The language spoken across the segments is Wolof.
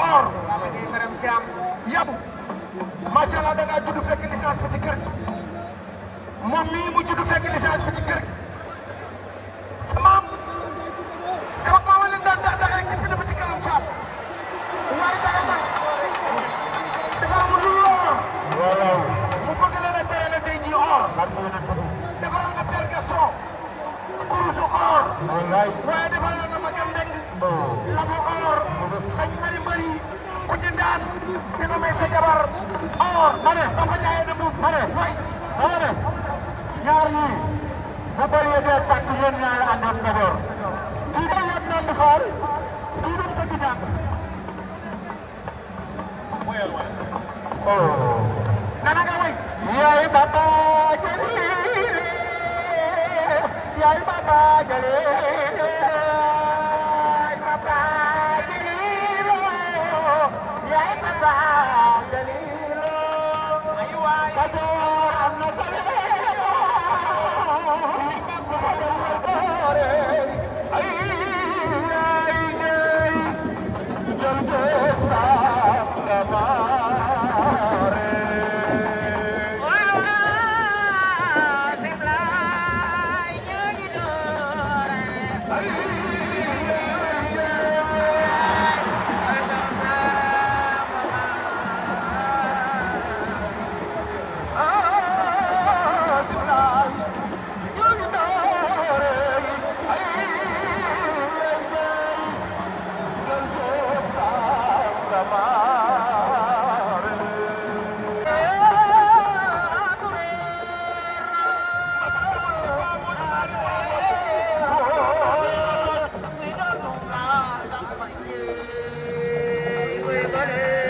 or yabu macha allah da ngaa judd fekk licence bi ci kër gi moom mii mu judd fekk licence bi ci kër gi sama sama maama leen daan da daan ci bind ba ci kanam faam waaye dara nag dafa am lu or mu bëgg leen a tere la tey jii or defaral ma pergason kurusu or waaye defal ñaari ku ci dina may sa jabar or ma ne dafa jaayee de buuf ma ne way dama ne ñaar ñii bu bëree dee tàkk yéen ñaari nga door kii day yàgg naan di xool kii dum ko ci jàng oh nga way yaay جليل أيوة كثير أن Dale.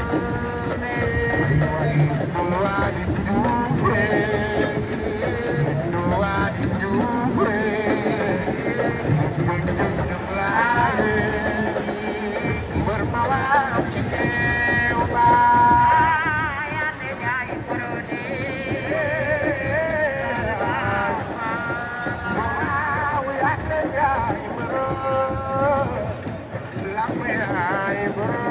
Ibrahim.